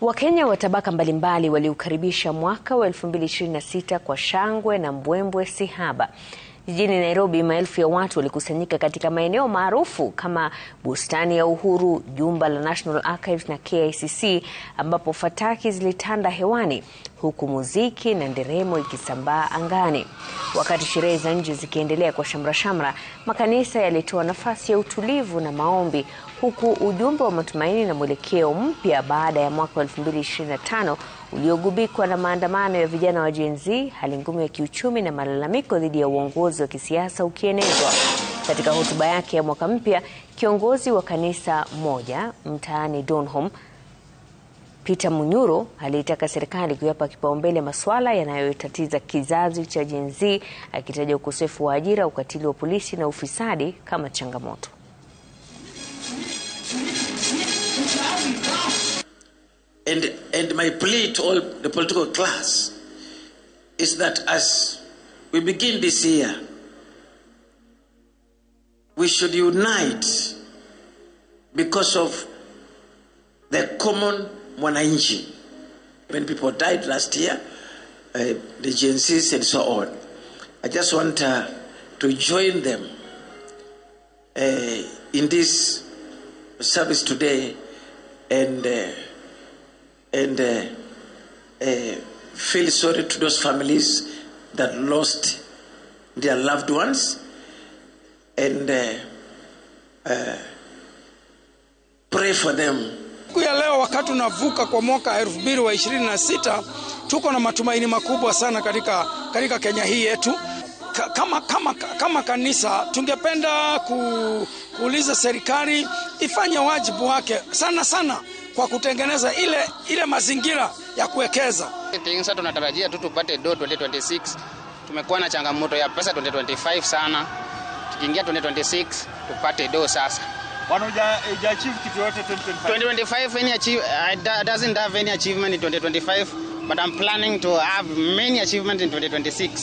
Wakenya wa tabaka mbalimbali waliukaribisha mwaka wa 2026 kwa shangwe na mbwembwe si haba. Jijini Nairobi, maelfu ya watu walikusanyika katika maeneo maarufu kama bustani ya Uhuru, jumba la National Archives na KICC, ambapo fataki zilitanda hewani huku muziki na nderemo ikisambaa angani. Wakati sherehe za nje zikiendelea kwa shamrashamra, makanisa yalitoa nafasi ya utulivu na maombi, huku ujumbe wa matumaini na mwelekeo mpya baada ya mwaka 2025 uliogubikwa na maandamano ya vijana wa Gen Z, hali ngumu ya kiuchumi na malalamiko dhidi ya uongozi wa kisiasa ukienezwa. Katika hotuba yake ya mwaka mpya, kiongozi wa kanisa moja mtaani Donholm Peter Munyuro aliitaka serikali kuyapa kipaumbele masuala yanayotatiza kizazi cha Gen Z akitaja ukosefu wa ajira, ukatili wa polisi na ufisadi kama changamoto. And, and my plea to all the political class is that as we begin this year, we should unite because of the common mwananchi. When people died last year, uh, the GNCs and so on, I just want uh, to join them uh, in this service today and uh, and uh, uh, feel sorry to those families that lost their loved ones and uh, uh, pray for them. Siku ya leo wakati tunavuka kwa mwaka elfu mbili wa ishirini na sita tuko na matumaini makubwa sana katika, katika Kenya hii yetu. Kama, kama, kama kanisa tungependa ku, kuuliza serikali ifanye wajibu wake sana sana kwa kutengeneza ile ile mazingira ya kuwekeza. Sasa tunatarajia tu tupate do 2026. Tumekuwa na changamoto ya pesa 2025 sana, tukiingia 2026 tupate do sasa. Wanaja achieve kitu yote 2025. 2025 any achieve, uh, doesn't have any achievement in 2025 but I'm planning to have many achievements in 2026.